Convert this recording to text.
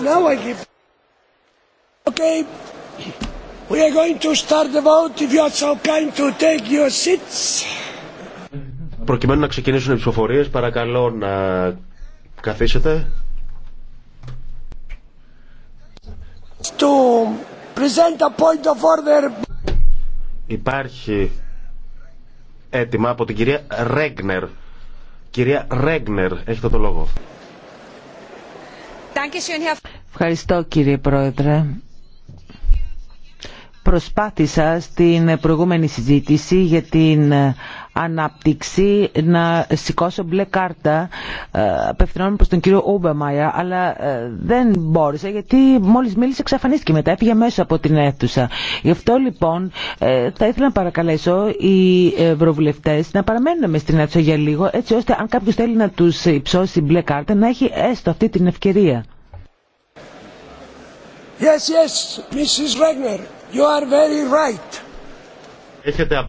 Now I give. Okay, we are going to start the vote. If you are so kind to take your seats. Προκειμένου να ξεκινήσουν οι ψηφοφορίες, παρακαλώ να καθίσετε. To present a point of order. Υπάρχει έτοιμα από την κυρία Ρέγνερ. Κυρία Ρέγνερ, έχετε το λόγο. Danke schön, Herr Ευχαριστώ κύριε Πρόεδρε. Προσπάθησα στην προηγούμενη συζήτηση για την ανάπτυξη να σηκώσω μπλε κάρτα ε, απευθυνόμενη προς τον κύριο Ούμπεμαϊα αλλά ε, δεν μπόρεσα γιατί μόλις μίλησε εξαφανίστηκε μετά έφυγε μέσα από την αίθουσα γι' αυτό λοιπόν ε, θα ήθελα να παρακαλέσω οι ευρωβουλευτές να παραμένουν με στην αίθουσα για λίγο έτσι ώστε αν κάποιος θέλει να τους υψώσει μπλε κάρτα να έχει έστω αυτή την ευκαιρία Yes, yes, Mrs. Regner, you are very right.